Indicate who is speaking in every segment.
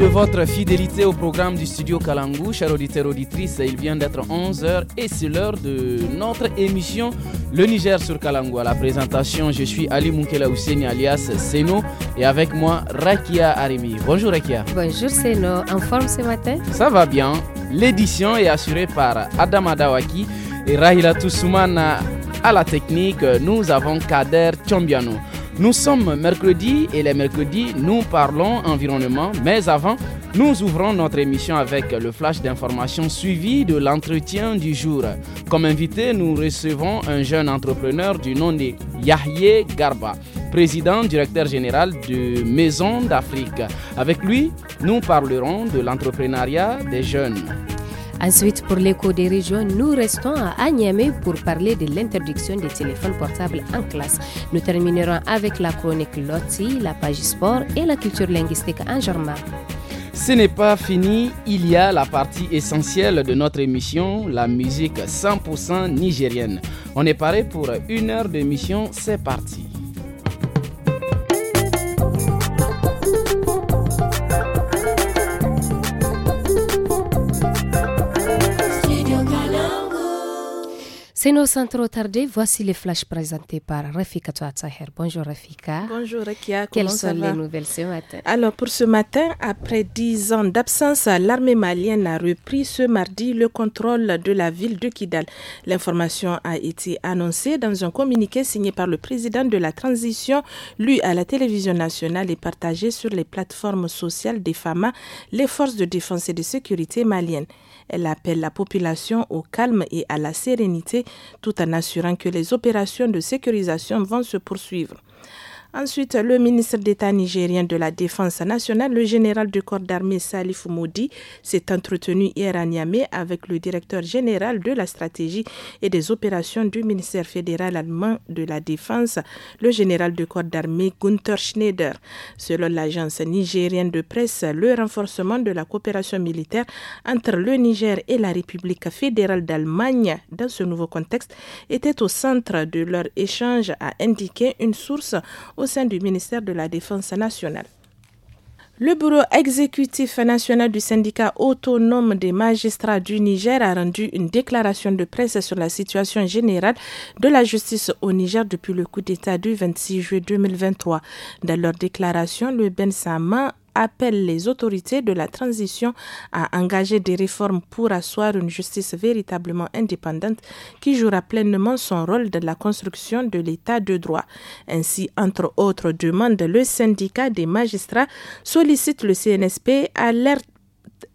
Speaker 1: de votre fidélité au programme du studio Kalangou, chers auditeurs auditrices. Il vient d'être 11h et c'est l'heure de notre émission Le Niger sur Kalangu. À la présentation, je suis Ali Moukela Housseni alias Seno et avec moi Rakia Arimi. Bonjour Rakia.
Speaker 2: Bonjour Seno, en forme ce matin
Speaker 1: Ça va bien. L'édition est assurée par Adam Adawaki et Rahila Toussoumana à la technique. Nous avons Kader Tchombiano. Nous sommes mercredi et les mercredis, nous parlons environnement, mais avant, nous ouvrons notre émission avec le flash d'information suivi de l'entretien du jour. Comme invité, nous recevons un jeune entrepreneur du nom de Yahye Garba, président directeur général de Maison d'Afrique. Avec lui, nous parlerons de l'entrepreneuriat des jeunes. Ensuite, pour l'écho des
Speaker 2: régions, nous restons à Agname pour parler de l'interdiction des téléphones portables en classe. Nous terminerons avec la chronique Lotti, la page sport et la culture linguistique en germain.
Speaker 1: Ce n'est pas fini, il y a la partie essentielle de notre émission, la musique 100% nigérienne. On est paré pour une heure d'émission, c'est parti.
Speaker 2: C'est nos sans trop Voici les flashs présentés par Rafika
Speaker 3: Touataher. Bonjour Rafika. Bonjour Rekia. Quelles sont les nouvelles ce matin Alors pour ce matin, après dix ans d'absence, l'armée malienne a repris ce mardi le contrôle de la ville de Kidal. L'information a été annoncée dans un communiqué signé par le président de la transition, lu à la télévision nationale et partagé sur les plateformes sociales des FAMA, les forces de défense et de sécurité maliennes. Elle appelle la population au calme et à la sérénité tout en assurant que les opérations de sécurisation vont se poursuivre. Ensuite, le ministre d'État nigérien de la Défense nationale, le général du corps d'armée Salif Moudi, s'est entretenu hier à Niamey avec le directeur général de la stratégie et des opérations du ministère fédéral allemand de la Défense, le général du corps d'armée Gunther Schneider. Selon l'agence nigérienne de presse, le renforcement de la coopération militaire entre le Niger et la République fédérale d'Allemagne dans ce nouveau contexte était au centre de leur échange, a indiqué une source au sein du ministère de la Défense nationale. Le bureau exécutif national du syndicat autonome des magistrats du Niger a rendu une déclaration de presse sur la situation générale de la justice au Niger depuis le coup d'État du 26 juillet 2023. Dans leur déclaration, le Ben appelle les autorités de la transition à engager des réformes pour asseoir une justice véritablement indépendante qui jouera pleinement son rôle dans la construction de l'état de droit. Ainsi, entre autres demandes, le syndicat des magistrats sollicite le CNSP alerte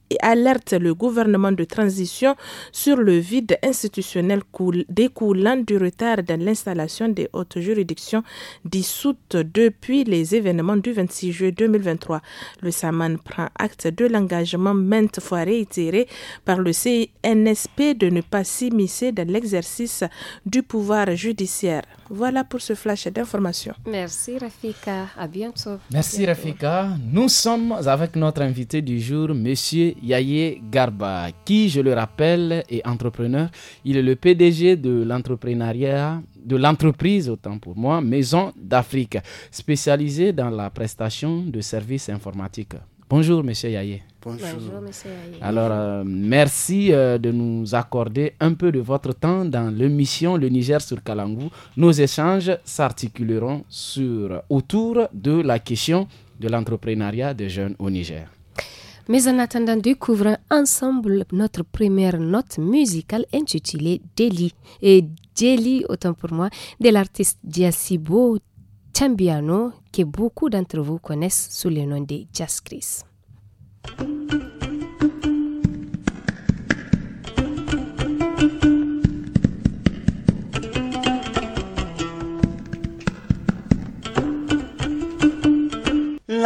Speaker 3: et alerte le gouvernement de transition sur le vide institutionnel découlant du retard dans l'installation des hautes juridictions dissoutes depuis les événements du 26 juillet 2023. Le Saman prend acte de l'engagement maintes fois réitéré par le CNSP de ne pas s'immiscer dans l'exercice du pouvoir judiciaire. Voilà pour ce flash d'information.
Speaker 2: Merci Rafika, à bientôt. Merci
Speaker 1: Rafika. Nous sommes avec notre invité du jour, Monsieur Yaye Garba, qui, je le rappelle, est entrepreneur. Il est le PDG de l'entrepreneuriat, de l'entreprise, autant pour moi, Maison d'Afrique, spécialisée dans la prestation de services informatiques. Bonjour, monsieur Yaye. Bonjour. monsieur Yaye. Alors, euh, merci euh, de nous accorder un peu de votre temps dans l'émission Le Niger sur Kalangou. Nos échanges s'articuleront sur, autour de la question de l'entrepreneuriat des jeunes au Niger.
Speaker 2: Mais en attendant, découvrons ensemble notre première note musicale intitulée "Deli". Et "Deli", autant pour moi, de l'artiste Diasibo Chambiano, que beaucoup d'entre vous connaissent sous le nom de Jazz Chris.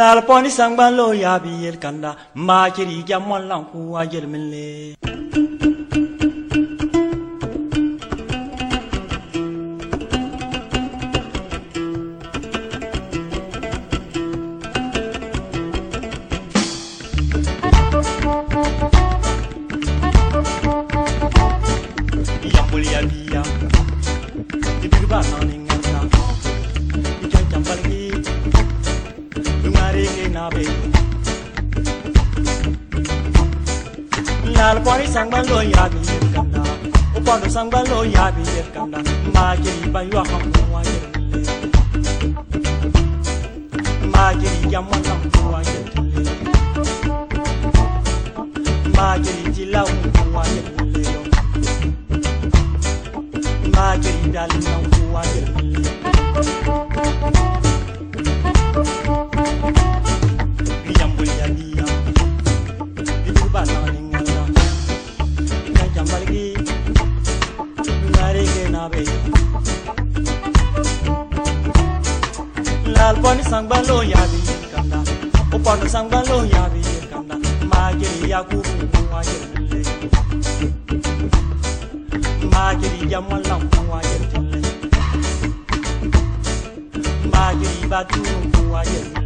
Speaker 4: la sangbanlo poni sangban makiri ya bi el na la pori sang ban lo ya bi yir kan na o pon sang ban lo ya bi yir kan na ma jiri ban yo ha mo wa yir ma jiri ya mo na mo wa yir ma jiri ti la mo wa yir le yo ma jiri dal na mo wa yir upon sangbalo yabi kanda upon sangbalo yabi kanda magiri yakubu mwajele magiri yamwala mwajele magiri batu mwajele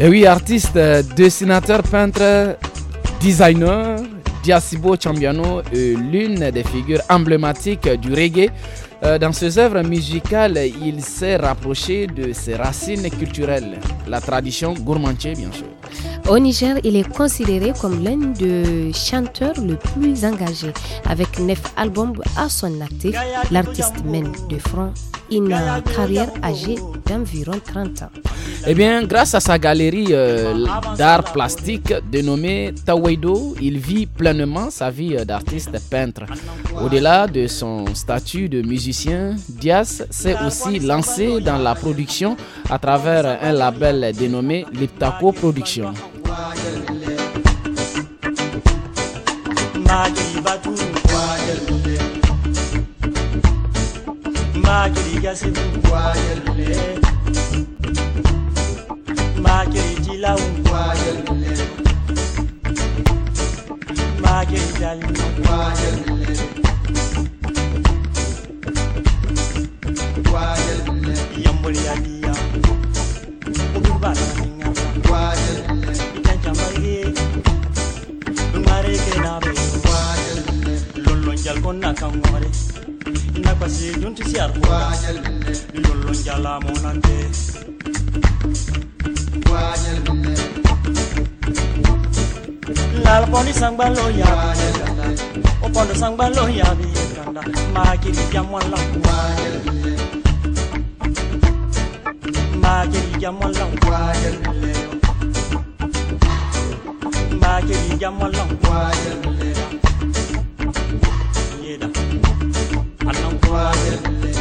Speaker 1: Et eh oui, artiste, euh, dessinateur, peintre, designer, Diasibo Chambiano est l'une des figures emblématiques du reggae. Euh, dans ses œuvres musicales, il s'est rapproché de ses racines culturelles, la tradition gourmandier bien sûr.
Speaker 2: Au Niger, il est considéré comme l'un des chanteurs le plus engagés. Avec neuf albums à son actif, l'artiste mène de front une carrière âgée d'environ 30 ans.
Speaker 1: Eh bien, grâce à sa galerie euh, d'art plastique dénommée Tawaido, il vit pleinement sa vie euh, d'artiste peintre. Au-delà de son statut de musicien, Diaz s'est aussi lancé dans la production à travers un label dénommé Liptako Productions.
Speaker 4: muliania ububasanga wajal tanjamaye Mbakeli Yamalan Wayel Leo Mbakeli Yamalan Wayel Leo Yeda Anan Wayel Leo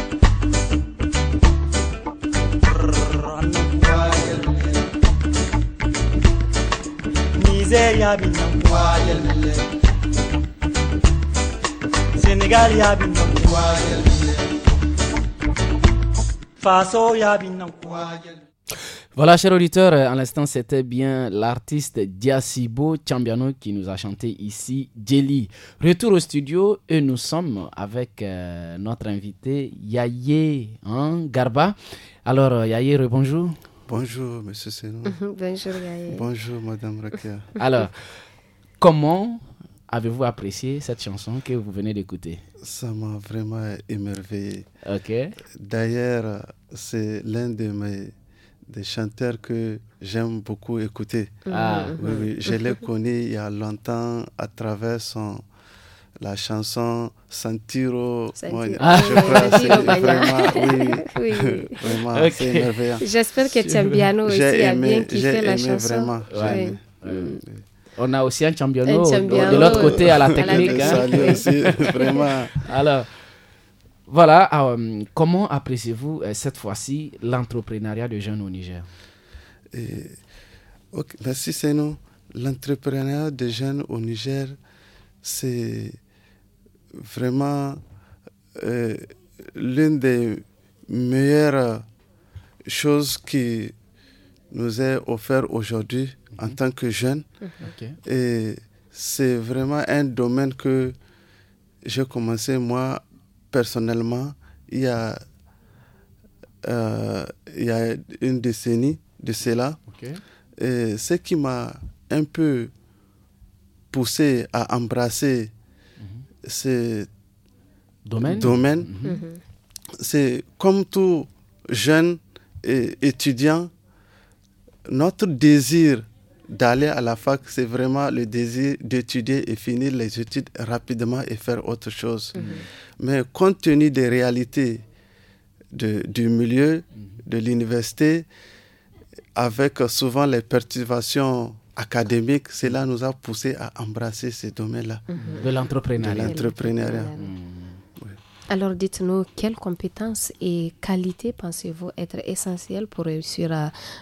Speaker 4: Nigeria bin nan wayel leo Senegal ya bin nan wayel leo Faso ya bin
Speaker 1: Voilà, chers auditeurs, en euh, l'instant, c'était bien l'artiste Diasibo Chambiano qui nous a chanté ici Jelly. Retour au studio et nous sommes avec euh, notre invité Yaye hein, Garba. Alors, euh, Yaye, bonjour. Bonjour, monsieur Senou.
Speaker 5: bonjour, Yaye. Bonjour,
Speaker 1: madame Rakia. Alors, comment avez-vous apprécié cette chanson que vous venez d'écouter Ça
Speaker 6: m'a vraiment émerveillé. Ok. D'ailleurs, c'est l'un de mes des chanteurs que j'aime beaucoup écouter. Ah. Oui, oui, je l'ai connu il y a longtemps à travers son, la chanson Santiro. Santiro. Ah. Je crois c'est vraiment, oui, oui. vraiment okay. c'est merveilleux. J'espère que Tiambiano aussi a bien kiffé la chanson. Vraiment, aimé. Mm.
Speaker 1: On a aussi un Tiambiano de l'autre côté à la technique. Hein. Salut hein. aussi, vraiment. Alors, voilà, euh, comment appréciez-vous euh, cette fois-ci l'entrepreneuriat
Speaker 6: de jeunes au Niger Merci, okay, Merci L'entrepreneuriat des jeunes au Niger, c'est vraiment euh, l'une des meilleures choses qui nous est offerte aujourd'hui en mhm. tant que jeunes. Et c'est vraiment un domaine que j'ai commencé moi personnellement, il y a, euh, il y a une décennie de cela. Et ce qui m'a un peu poussé à embrasser mhm. ce domaine, domaine mhm. Mhm. c'est comme tout jeune et étudiant, notre désir d'aller à la fac, c'est vraiment le désir d'étudier et finir les études rapidement et faire autre chose. Mhm. Mais compte tenu des réalités de, du milieu, mhm. de l'université, avec souvent les perturbations académiques, cela nous a poussé à embrasser ces domaines-là. Mhm. De l'entrepreneuriat.
Speaker 2: Alors dites-nous, quelles compétences et qualités pensez-vous être essentielles pour réussir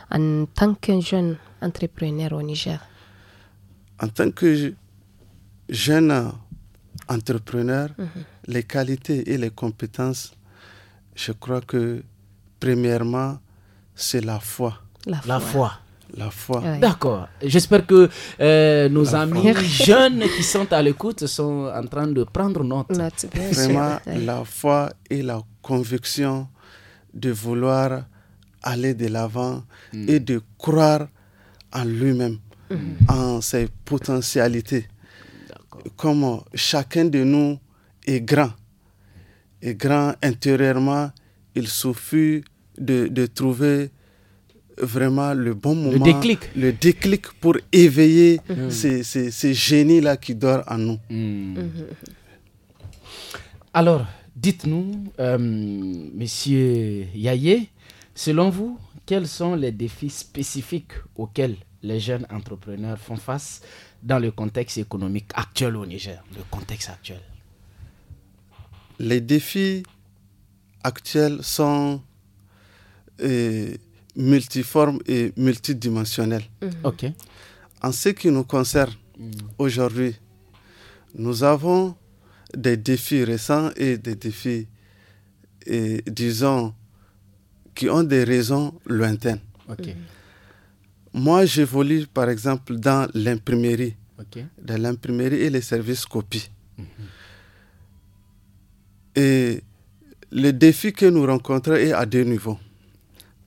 Speaker 2: en tant que jeune entrepreneur au Niger
Speaker 6: En tant que jeune entrepreneur, les qualités et les compétences, je crois que premièrement, c'est La foi. La foi. La foi. D'accord. J'espère que euh, nos amis jeunes qui sont à l'écoute sont en train de prendre note. Vraiment, la foi et la conviction de vouloir aller de l'avant mm. et de croire en lui-même, mm. en ses potentialités. Comme chacun de nous est grand, et grand intérieurement, il suffit de, de trouver vraiment le bon moment, le déclic, le déclic pour éveiller mm. Mm. ces, ces, génies-là qui dorment en nous. Mm. Mm-hmm.
Speaker 1: Alors, dites-nous, euh, monsieur Yaye, selon vous, quels sont les défis spécifiques auxquels les jeunes entrepreneurs font face dans le contexte économique actuel au Niger, le contexte actuel
Speaker 6: Les défis actuels sont euh, multiforme et multidimensionnel. Mhm. Ok. En ce qui nous concerne mhm. aujourd'hui, nous avons des défis récents et des défis, disons, qui ont des raisons lointaines. Mhm. Moi, j'évolue par exemple dans l'imprimerie, dans l'imprimerie et les services copies. Et le défi que nous rencontrons est à deux niveaux.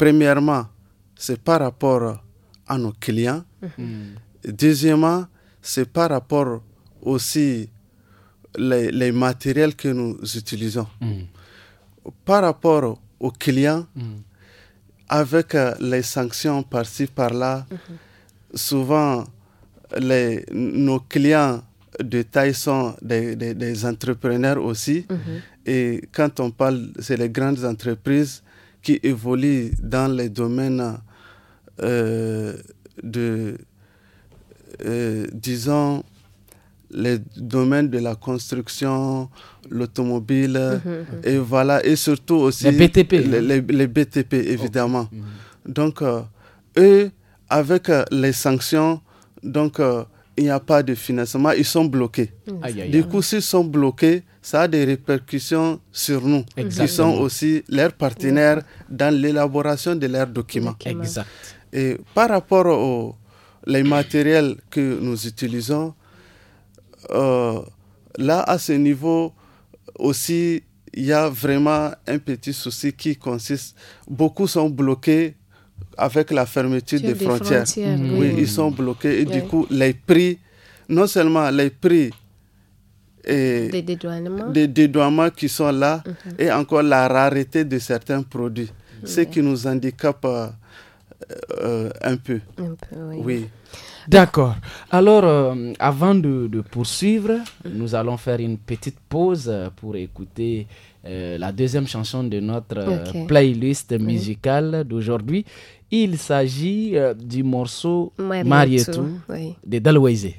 Speaker 6: Premièrement, c'est par rapport à nos clients.
Speaker 7: Mm-hmm.
Speaker 6: Deuxièmement, c'est par rapport aussi les, matériels que nous utilisons. Mm. Par rapport aux clients, mm. avec euh, les sanctions par-ci, par-là, mm-hmm. souvent les, nos clients de taille sont des, des entrepreneurs aussi. Mm-hmm. Et quand on parle, c'est les grandes entreprises qui évolue dans les domaines euh, de, euh, disons, les domaines de la construction, l'automobile, mhm, mhm. et voilà, et surtout aussi les BTP, les, BTP oh. évidemment. Mhm. Donc, euh, eux, avec les sanctions, donc il n'y a pas de financement, ils sont bloqués. Du coup, s'ils sont bloqués, ça a des répercussions sur nous, qui sont aussi leurs partenaires dans l'élaboration de leurs documents. Exact. Et par rapport aux les matériels que nous utilisons, euh, là, à ce niveau aussi, il y a vraiment un petit souci qui consiste, beaucoup sont bloqués avec la fermeture des, frontières. Mhm. Oui, ils sont bloqués et du coup, les prix, non seulement les prix
Speaker 2: des
Speaker 6: dédouanements. qui sont là mhm. et encore la rareté de certains produits, mhm. ce qui nous handicape euh, euh, un peu. oui.
Speaker 1: D'accord. Alors, euh, avant de, poursuivre, nous allons faire une petite pause pour écouter la deuxième chanson de notre playlist musicale d'aujourd'hui. Il s'agit du morceau Marietou, des oui. de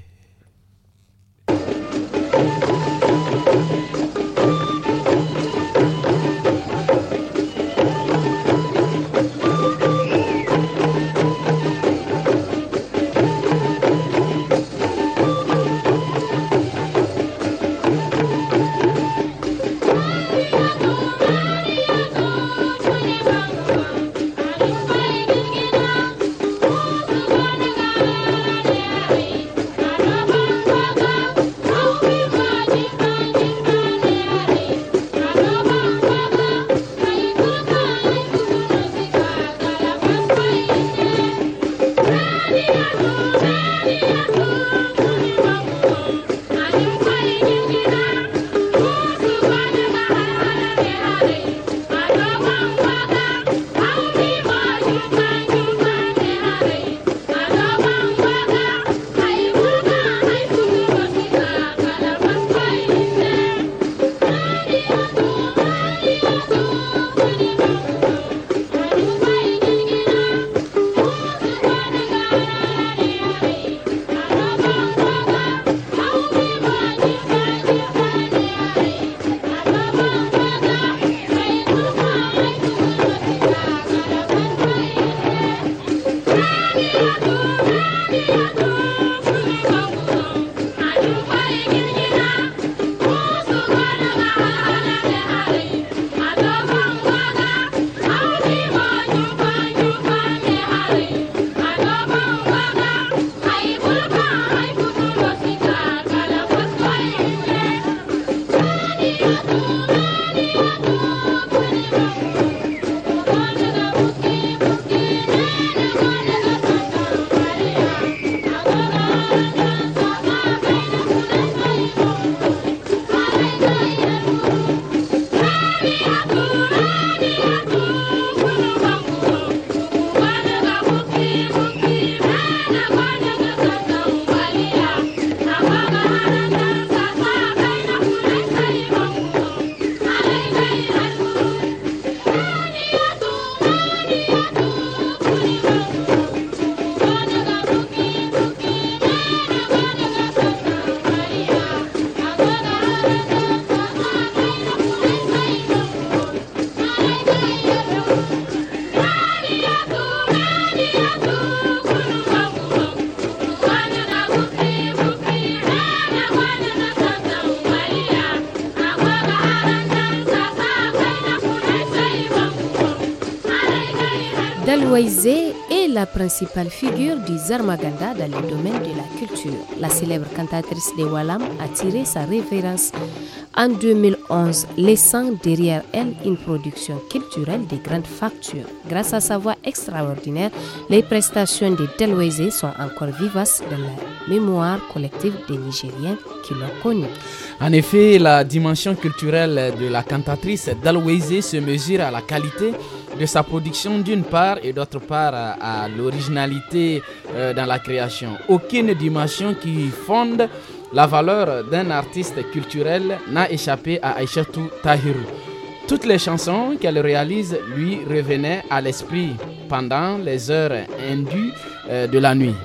Speaker 2: Waizé est la principale figure du Zarmaganda dans le domaine de la culture. La célèbre cantatrice de Walam a tiré sa révérence en 2011, laissant derrière elle une production culturelle de grande facture. Grâce à sa voix extraordinaire, les prestations de Delweze sont encore vivaces dans la mémoire
Speaker 1: collective des Nigériens qui l'ont connue. En effet, la dimension culturelle de la cantatrice Delwaizé se mesure à la qualité sa production d'une part et d'autre part à, l'originalité euh, dans la création. Aucune dimension qui fonde la valeur d'un artiste culturel n'a échappé à Aishatu Tahiru. Toutes les chansons qu'elle réalise lui revenaient à l'esprit pendant les heures indues euh, de la nuit.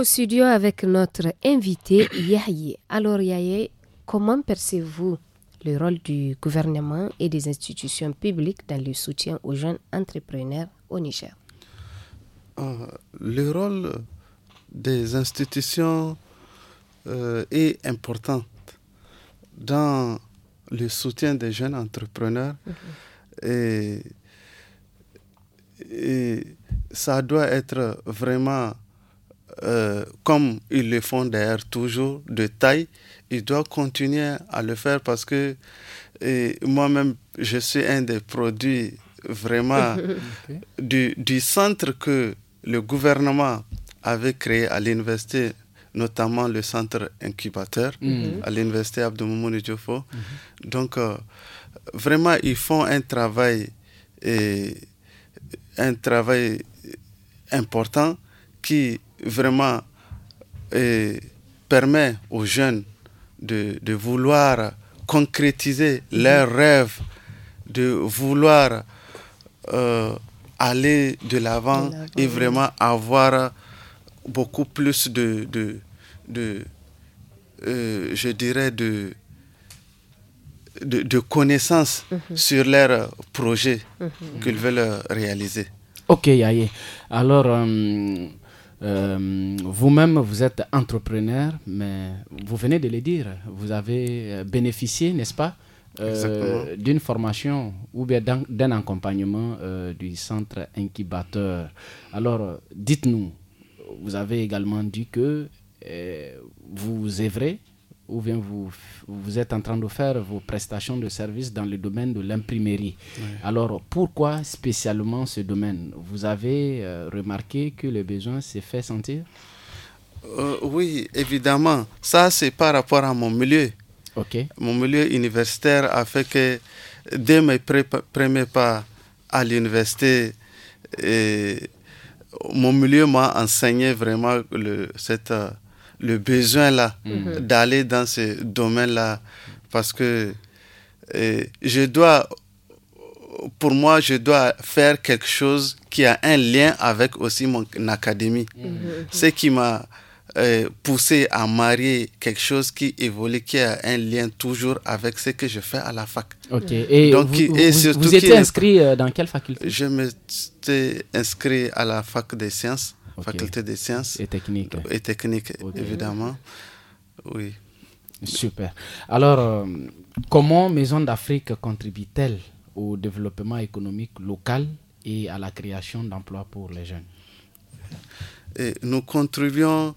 Speaker 2: au studio avec notre invité Yahye. Alors Yahye, comment percevez-vous le rôle du gouvernement et des institutions publiques dans le soutien aux jeunes entrepreneurs au Niger
Speaker 6: euh, Le rôle des institutions euh, est important dans le soutien des jeunes entrepreneurs mhm. et, et, ça doit être vraiment euh, comme ils le font d'ailleurs toujours de taille, ils doivent continuer à le faire parce que moi-même, je suis un des produits vraiment du, centre que le gouvernement avait créé à l'université, notamment le centre incubateur mm-hmm. à l'université Abdoumoumouni Diofo. Mm-hmm. Donc, euh, vraiment, ils font un travail, et, un travail important qui vraiment euh, permet aux jeunes de, de vouloir concrétiser mhm. leurs rêves, de vouloir euh, aller de l'avant et vraiment avoir beaucoup plus de, de, euh, je dirais, de, de, connaissances mhm. sur leurs projets mhm. qu'ils veulent réaliser.
Speaker 1: Ok, Yaye. Alors, euh, vous-même, vous êtes entrepreneur, mais vous venez de le dire, vous avez euh, bénéficié, n'est-ce pas, euh, d'une formation ou bien d'un accompagnement du centre incubateur. Alors, dites-nous, vous avez également dit que vous œuvrez ou bien vous, vous êtes en train de faire vos prestations de services dans le domaine de l'imprimerie. Alors pourquoi spécialement ce domaine Vous avez euh, remarqué que le besoin s'est fait sentir
Speaker 6: euh, Oui, évidemment. Ça, c'est par rapport à mon milieu. Ok. Mon milieu universitaire a fait que dès mes premiers pas à l'université, mon milieu m'a enseigné vraiment le, cette... Euh, le besoin là mhm. Mhm. d'aller dans ce domaine là parce que eh, je dois pour moi je dois faire quelque chose qui a un lien avec aussi mon académie mhm. ce qui m'a eh, poussé à marier quelque chose qui évolue, qui a un lien toujours avec ce que je fais à la fac. Ok. Et, Donc, vous, et surtout vous étiez
Speaker 1: inscrit euh, dans quelle faculté
Speaker 6: Je m'étais inscrit à la fac des sciences faculté des sciences. Et techniques, Et techniques évidemment. Oui. Super. Alors, euh,
Speaker 1: comment Maison d'Afrique contribue-t-elle au développement économique local et à la création d'emplois pour les jeunes
Speaker 6: Nous contribuons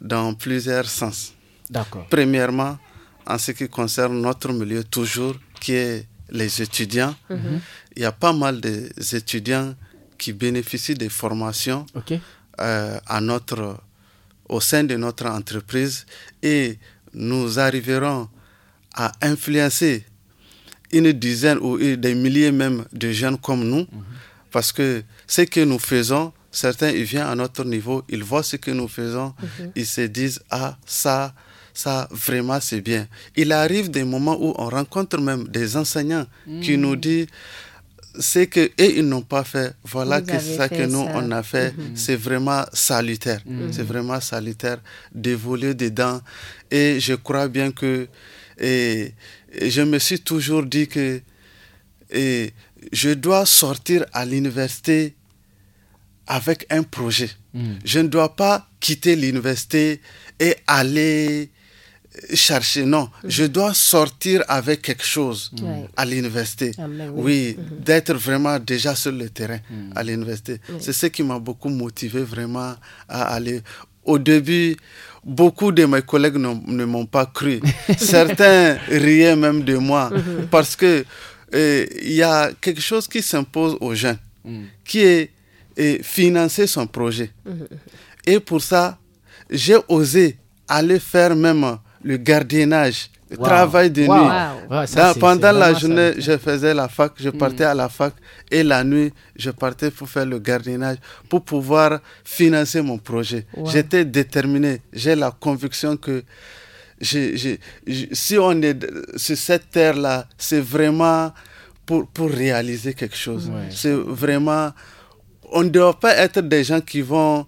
Speaker 6: dans plusieurs sens. D'accord. Premièrement, en ce qui concerne notre milieu toujours, qui est les étudiants, mhm. il y a pas mal d'étudiants qui bénéficient des formations Ok. Euh, à notre, au sein de notre entreprise et nous arriverons à influencer une dizaine ou des milliers même de jeunes comme nous, mhm. parce que ce que nous faisons, certains ils viennent à notre niveau, ils voient ce que nous faisons, mhm. ils se disent ah ça ça vraiment c'est bien. Il arrive des moments où on rencontre même des enseignants qui mm. nous disent c'est que et ils n'ont pas fait, voilà que c'est ça que nous on a fait. Mhm. C'est vraiment salutaire. Mhm. C'est vraiment salutaire d'évoluer dedans. Et je crois bien que et, je me suis toujours dit que et je dois sortir à l'université avec un projet. Mhm. Je ne dois pas quitter l'université et aller chercher, non. Mhm. Je dois sortir avec quelque chose mhm. à l'université. Ah, oui, mhm. d'être vraiment déjà sur le terrain à l'université. C'est ce qui m'a beaucoup motivé vraiment à aller. Au début, beaucoup de mes collègues ne, m'ont pas cru. Certains riaient même de moi parce que euh, il y a quelque chose qui s'impose aux jeunes, qui est, euh, financer son projet. Et pour ça, j'ai osé aller faire même le gardiennage, le travail de nuit. pendant la journée, je faisais la fac, je mm. partais à la fac et la nuit, je partais pour faire le gardiennage pour pouvoir financer mon projet. J'étais déterminé. J'ai la conviction que si on est sur cette terre-là, c'est vraiment pour, pour réaliser quelque chose. C'est vraiment. On ne doit pas être des gens qui vont.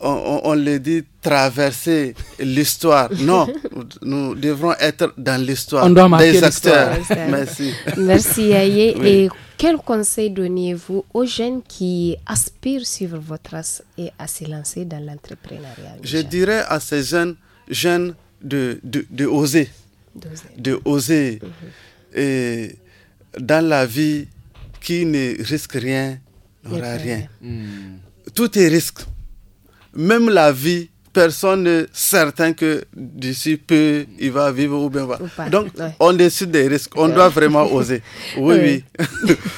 Speaker 6: On, on, on le dit traverser l'histoire. Non, nous devrons être dans l'histoire des acteurs. Merci. Merci Et
Speaker 2: quel conseil donnez-vous aux jeunes qui aspirent suivre votre trace et à se lancer dans l'entrepreneuriat Je
Speaker 6: dirais à ces jeunes, jeunes de, de, oser. De oser. Mhm. Et dans la vie, qui ne risque rien n'aura rien. Hmm. Tout est risque. Même la vie personne certain que d'ici peu, il va vivre ou bien va. Donc, on décide des risques. On doit vraiment oser. Oui, oui.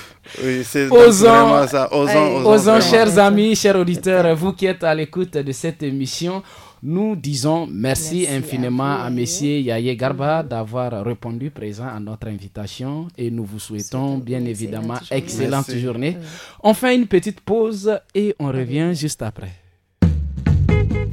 Speaker 6: vraiment ça. Osons, osons, chers
Speaker 1: amis, chers auditeurs, vous qui êtes à l'écoute de cette émission, nous disons merci, infiniment à, M. Monsieur Yaye Garba d'avoir répondu présent à notre invitation et nous vous souhaitons bien évidemment excellente excellente journée. On fait une petite pause et on revient juste après.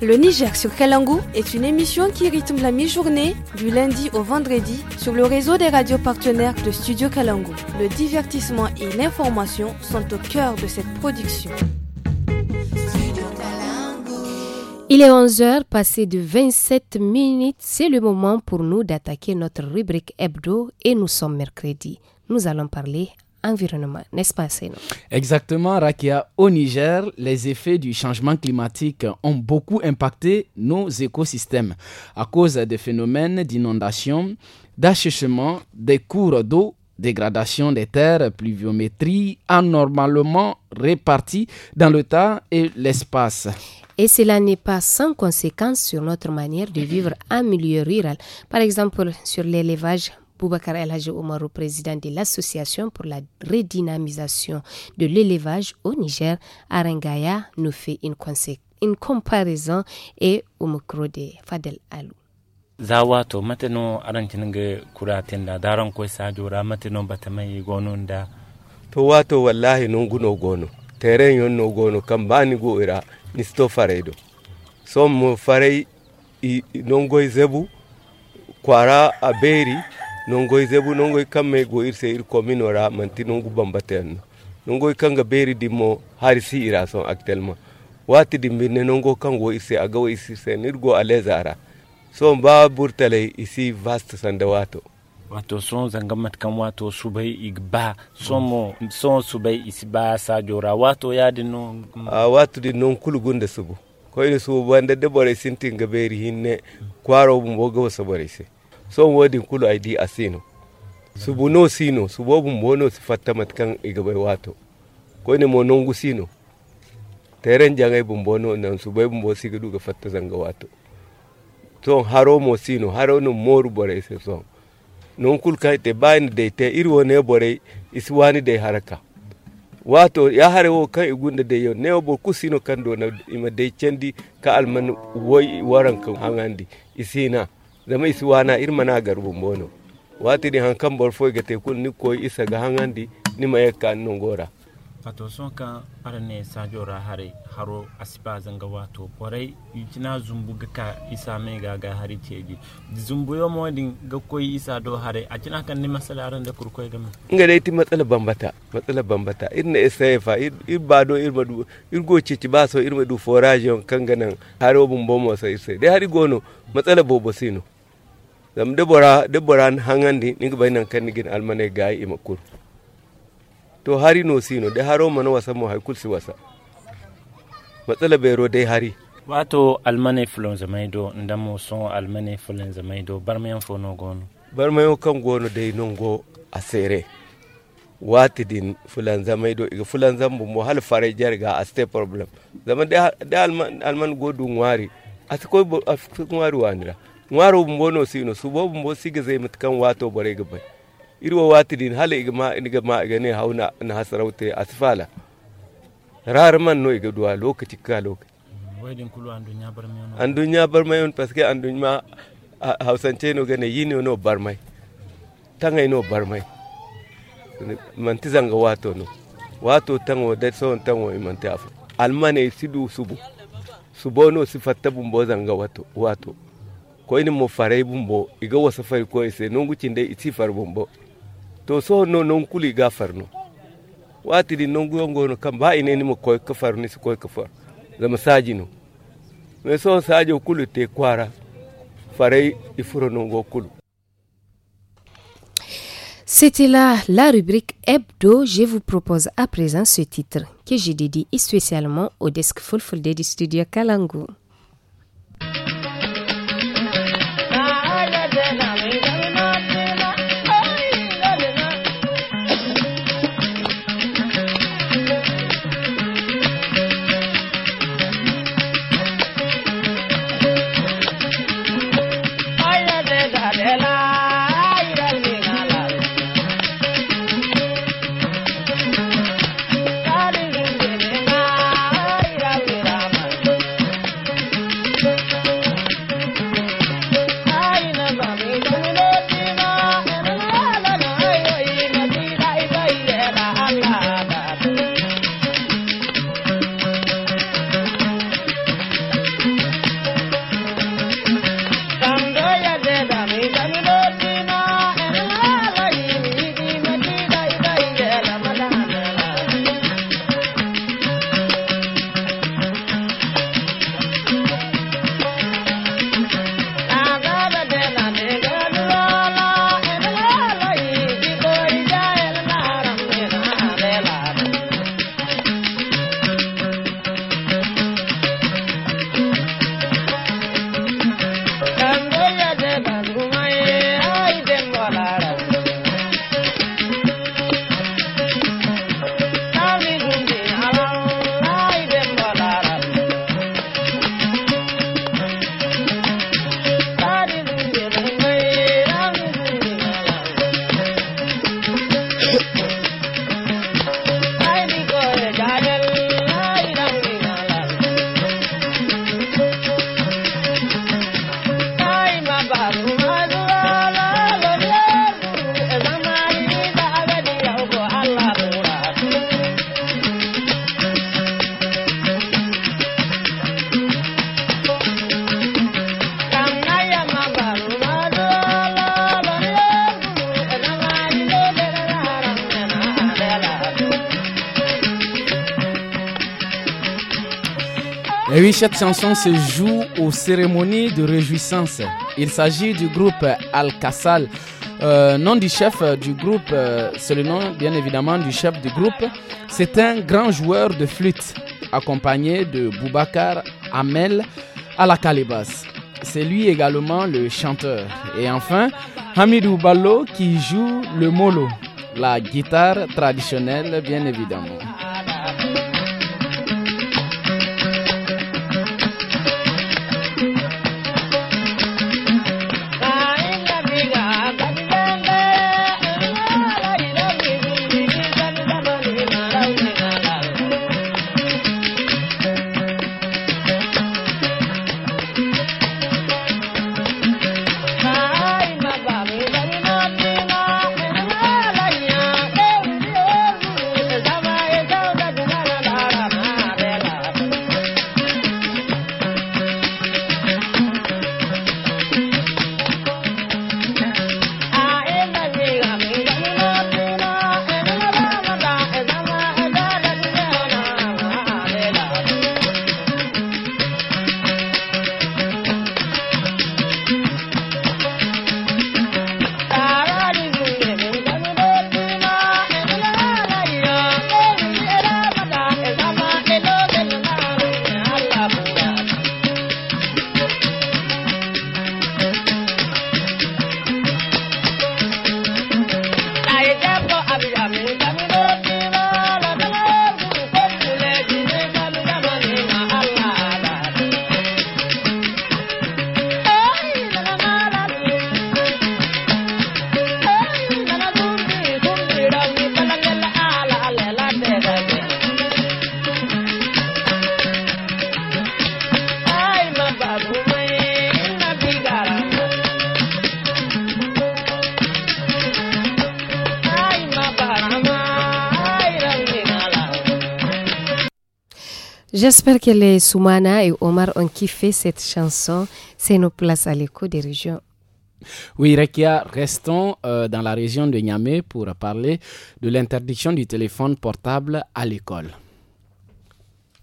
Speaker 3: Le Niger sur Kalangu est une émission qui rythme la mi-journée du lundi au vendredi sur le réseau des radios partenaires de Studio Kalangu. Le divertissement et l'information sont au cœur de cette production.
Speaker 2: Il est 11h, passé de 27 minutes. C'est le moment pour nous d'attaquer notre rubrique hebdo et nous sommes mercredi. Nous allons parler environnement, n'est-ce pas,
Speaker 1: Exactement, Rakia. Au Niger, les effets du changement climatique ont beaucoup impacté nos écosystèmes à cause des phénomènes d'inondation, d'achèchement, des cours d'eau dégradation des terres, pluviométrie anormalement répartie dans le temps et l'espace.
Speaker 2: Et cela n'est pas sans conséquence sur notre manière de vivre en milieu rural, par exemple sur l'élevage Boubacar El Haji Omar, président de l'Association pour la redynamisation de l'élevage au Niger, Arengaya, nous fait une, une comparaison et au micro de Fadel Alou.
Speaker 8: zawato to matano arancin ga kuratin da daron ko matano bata mai
Speaker 9: to wato wallahi non guno gono teren yon no gono kan go ira nisto faredo so mo farei non goy zebu aberi nongoy zebu nongoy kamme go irse ir commune ra manti nongu bambaten nongoy kanga beri dimo harisi son actuellement wati dimbinne nongo kango irse agawo irse nirgo alezara so ba burtale isi san sandawato wato wato son zangamat kam wato subai igba somo son subai ba sa jora wato
Speaker 8: ya dinu
Speaker 9: a ah, wato din non kulgun da subu ile subu bande de bore sintinga beri hinne kwaro bumbo gawo sabore se son wadin kulu a di su bu no sino su subobu mbono i ga igabai wato ko ne mo nongu sino teren jangai bumbono nan subai su sigidu ga fatta zanga wato son haro mo sino haro no moru bore se son non kul kai te bain de te irwo ne bore iswani de haraka wato ya hare wo kan igunda de yo ne bo kusino kando na ima de cendi ka alman woi waran kan hangandi isina zama isi wana irma na garbun bono wati ni hankan borfo ga teku ni ko isa ga hangandi ni ma mayaka gora
Speaker 8: fato son kan arne sa jora hare haro asiba zanga wato porai yitina zumbu ga ka isa mai ga ga hari teji zumbu yo modin ga koyi isa do hare a kina kan ni masala ran da kurkoi gama inga dai
Speaker 9: ti matsala bambata matsala bambata irna isaifa ir do ir du ir goce ci so ir du forage kan ganan haro bumbo mo sai sai dai hari gono matsala bobo sino zam debora debora hangandi ninga bainan gin almane gai ima kur to hari no sino da haro mana wasa mo haikul si wasa matsala bero dai hari
Speaker 8: wato almane flon zamai do ndamo son almane flon zamai do barmayan fono gono
Speaker 9: barmayan kan gono dai non go asere wati din fulan zamai do iga fulan zambu mo hal fare ga a ste problem zama da alman alman go du ko asko asko ngwari wanira nwaro bumbo no sino subo bumbo siga zai mutkan wato bare gabai irwo din hala igma igma igane hauna na hasarauta asfala rar man no iga duwa lokaci ka lokaci
Speaker 8: waidin kulu an dunya bar mai
Speaker 9: an dunya bar mai on paske an dunya hausance no gane yini no bar mai tangai no bar mai manti zanga wato no wato tango da son tango manti afu almane sidu subu subono sifatta bumbo zanga wato wato ko ini mo farai bumbo iga wasa fari ko ise nungu cinde iti far bumbo to so no non kuli ga farno wati di nungu yongo no kam ba ine mo ko ka farni ko ka far me so sajo kulu te kwara farai ifuro nongo kulu
Speaker 2: C'était là la rubrique hebdo. Je vous propose à présent ce titre que j'ai dédié spécialement au desk full, full day du studio Kalangu.
Speaker 1: Et oui, cette chanson se joue aux cérémonies de réjouissance. Il s'agit du groupe Al-Kassal. Euh, nom du chef du groupe, euh, c'est le nom bien évidemment du chef du groupe. C'est un grand joueur de flûte, accompagné de Boubacar Amel à la C'est lui également le chanteur. Et enfin, Hamidou Ballo qui joue le molo, la guitare traditionnelle bien évidemment.
Speaker 2: J'espère que les Soumana et Omar ont kiffé cette chanson. C'est nos places à l'écho des régions.
Speaker 1: Oui, Rekia, restons euh, dans la région de Niamey pour parler de l'interdiction du téléphone portable à l'école.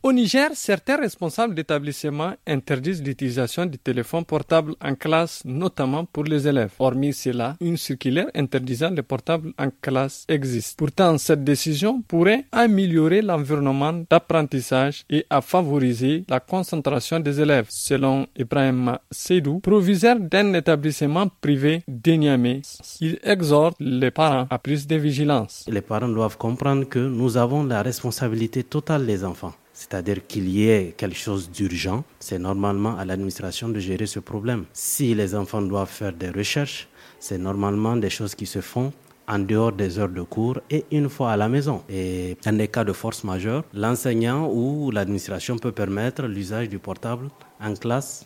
Speaker 10: Au Niger, certains responsables d'établissements interdisent l'utilisation du téléphone portable en classe, notamment pour les élèves. Hormis cela, une circulaire interdisant les portables en classe existe. Pourtant, cette décision pourrait améliorer l'environnement d'apprentissage et à favoriser la concentration des élèves, selon Ibrahim Seydou, proviseur d'un établissement privé d'Eniamé. Il exhorte les parents à plus de vigilance. Les
Speaker 11: parents doivent comprendre que nous avons la responsabilité totale des enfants c'est-à-dire qu'il y ait quelque chose d'urgent, c'est normalement à l'administration de gérer ce problème. Si les enfants doivent faire des recherches, c'est normalement des choses qui se font en dehors des heures de cours et une fois à la maison. Et dans des cas de force majeure, l'enseignant ou l'administration peut permettre l'usage du portable en classe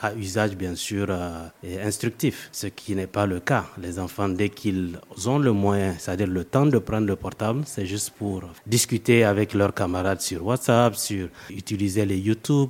Speaker 11: à, usage bien sûr euh, instructif, ce qui n'est pas le cas. Les enfants, dès qu'ils ont le moyen, c'est-à-dire le temps de prendre le portable, c'est juste pour discuter avec leurs camarades sur WhatsApp, sur utiliser les YouTube,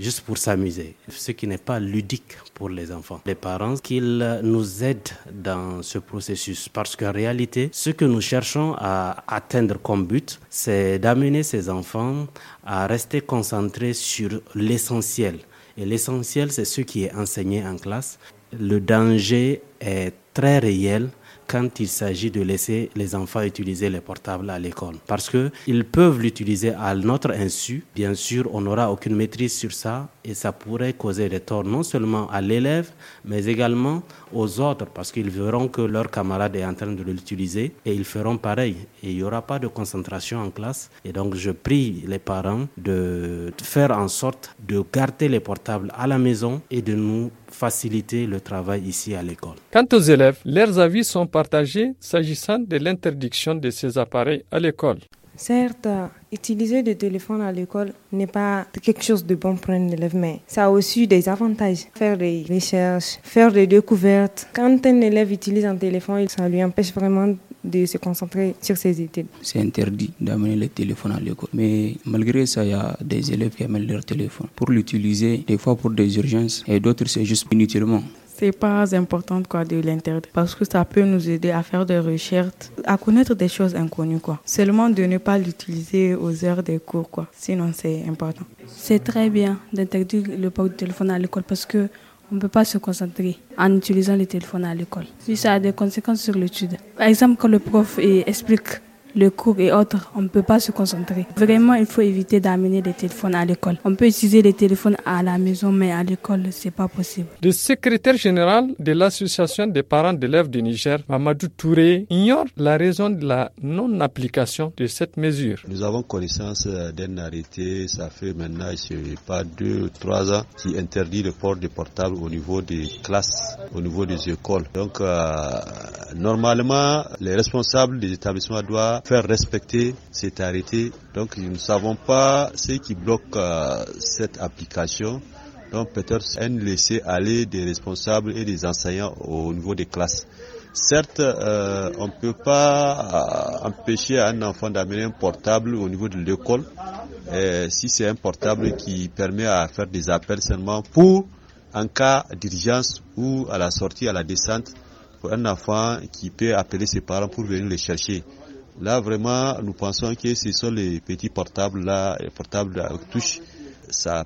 Speaker 11: juste pour s'amuser, ce qui n'est pas ludique pour les enfants. Les parents, qu'ils nous aident dans ce processus, parce qu'en réalité, ce que nous cherchons à atteindre comme but, c'est d'amener ces enfants à rester concentrés sur l'essentiel, et l'essentiel, c'est ce qui est enseigné en classe. Le danger est très réel quand il s'agit de laisser les enfants utiliser les portables à l'école. Parce qu'ils peuvent l'utiliser à notre insu. Bien sûr, on n'aura aucune maîtrise sur ça et ça pourrait causer des torts non seulement à l'élève, mais également aux autres parce qu'ils verront que leur camarade est en train de l'utiliser et ils feront pareil. Et il n'y aura pas de concentration en classe. Et donc, je prie les parents de faire en sorte de garder les portables à la maison et de nous faciliter le travail
Speaker 10: ici à l'école. Quant aux élèves, leurs avis sont partagés s'agissant de l'interdiction de ces appareils à l'école.
Speaker 3: Certes, utiliser des téléphones à l'école n'est pas quelque chose de bon pour un élève, mais ça a aussi des avantages. Faire des recherches, faire des découvertes. Quand un élève utilise un téléphone, ça lui empêche vraiment de se concentrer sur ses études.
Speaker 12: C'est interdit d'amener le téléphone à l'école. Mais malgré ça, il y a des élèves qui amènent leur téléphone pour l'utiliser, des fois pour des urgences, et d'autres, c'est juste inutilement
Speaker 3: c'est pas important quoi de l'interdire parce que ça peut nous aider à faire des recherches, à connaître des choses inconnues quoi. Seulement de ne pas l'utiliser aux heures des cours quoi. Sinon c'est important. C'est très bien d'interdire le port du téléphone à l'école parce que on ne peut pas se concentrer en utilisant les téléphones à l'école. ça a des conséquences sur l'étude. Par exemple, quand le prof explique le cours et autres, on ne peut pas se concentrer. Vraiment, il faut éviter d'amener les téléphones à l'école. On peut utiliser les téléphones à la maison, mais à l'école, c'est pas possible.
Speaker 10: Le secrétaire général de l'association des parents d'élèves du Niger, Mamadou Touré, ignore la raison de la
Speaker 13: non-application de cette mesure. Nous avons connaissance euh, d'un arrêté, ça fait maintenant, je sais pas, deux ou trois ans, qui interdit le port des portables au niveau des classes, au niveau des écoles. Donc, euh, normalement, les responsables des établissements doivent faire respecter cet arrêté. Donc nous ne savons pas ce qui bloque euh, cette application. Donc peut-être un laisser aller des responsables et des enseignants au niveau des classes. Certes, euh, on ne peut pas euh, empêcher un enfant d'amener un portable au niveau de l'école si c'est un portable qui permet à faire des appels seulement pour en cas d'urgence ou à la sortie, à la descente, pour un enfant qui peut appeler ses parents pour venir les chercher. Là, vraiment, nous pensons que ce sont les petits portables, là, les portables à touche. Ça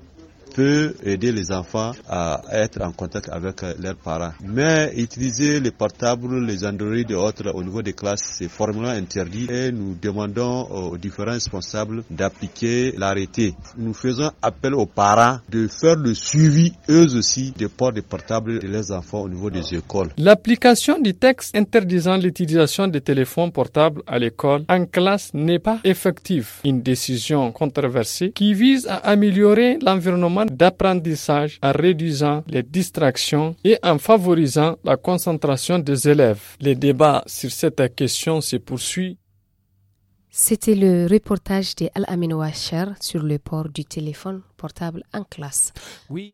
Speaker 13: peut aider les enfants à être en contact avec euh, leurs parents. Mais utiliser les portables, les Android et autres au niveau des classes, c'est formellement interdit et nous demandons aux différents responsables d'appliquer l'arrêté. Nous faisons appel aux parents de faire le suivi eux aussi des ports des portables de leurs enfants au niveau des écoles.
Speaker 10: L'application du texte interdisant l'utilisation des téléphones portables à l'école en classe n'est pas effective. Une décision controversée qui vise à améliorer l'environnement d'apprentissage en réduisant les distractions et en favorisant la concentration des élèves. Les débats sur cette question se poursuivent.
Speaker 2: C'était le reportage de Al-Amin Washer sur le port du téléphone
Speaker 5: portable en classe.
Speaker 14: Oui.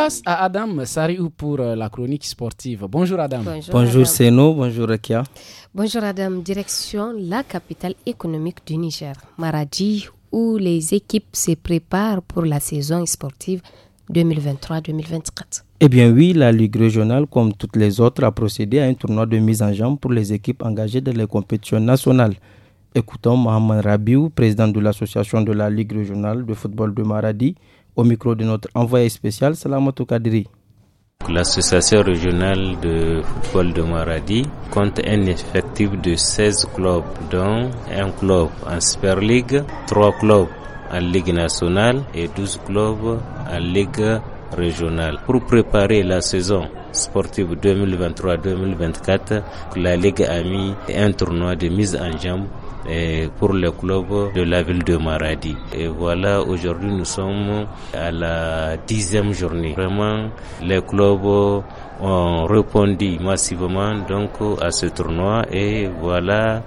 Speaker 1: Place à Adam Sariou pour euh, la chronique sportive. Bonjour Adam. Bonjour,
Speaker 12: Seno, bonjour Rekia.
Speaker 2: Bonjour Adam, direction la capitale économique du Niger, Maradi, où les équipes se préparent pour la saison sportive 2023-2024.
Speaker 12: Eh bien oui, la Ligue régionale, comme toutes les autres, a procédé à un tournoi de mise en jambe pour les équipes engagées dans les compétitions nationales. Écoutons Mohamed Rabiou, président de l'association de la Ligue régionale de football de Maradi, au micro de notre envoyé spécial Salamatou Kadri.
Speaker 15: L'association régionale de football de Maradi compte un effectif de 16 clubs, dont un club en Super League, trois clubs en Ligue nationale et 12 clubs en Ligue régionale. Pour préparer la saison sportive 2023-2024, la Ligue a mis un tournoi de mise en jambe et pour le club de la ville de Maradi. Et voilà, aujourd'hui nous sommes à la dixième journée. Vraiment, les clubs ont répondu massivement donc à ce tournoi et voilà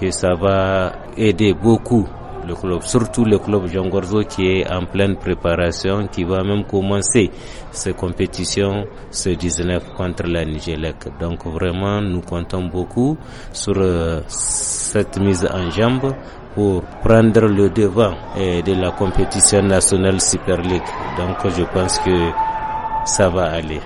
Speaker 15: que ça va aider beaucoup le club, surtout le club Jean Gorzo qui est en pleine préparation, qui va même commencer ses compétitions ce 19 contre la Nigélec. Donc vraiment, nous comptons beaucoup sur euh, cette mise en jambe pour prendre le devant eh, de la compétition nationale Super League. Donc je pense que ça va aller.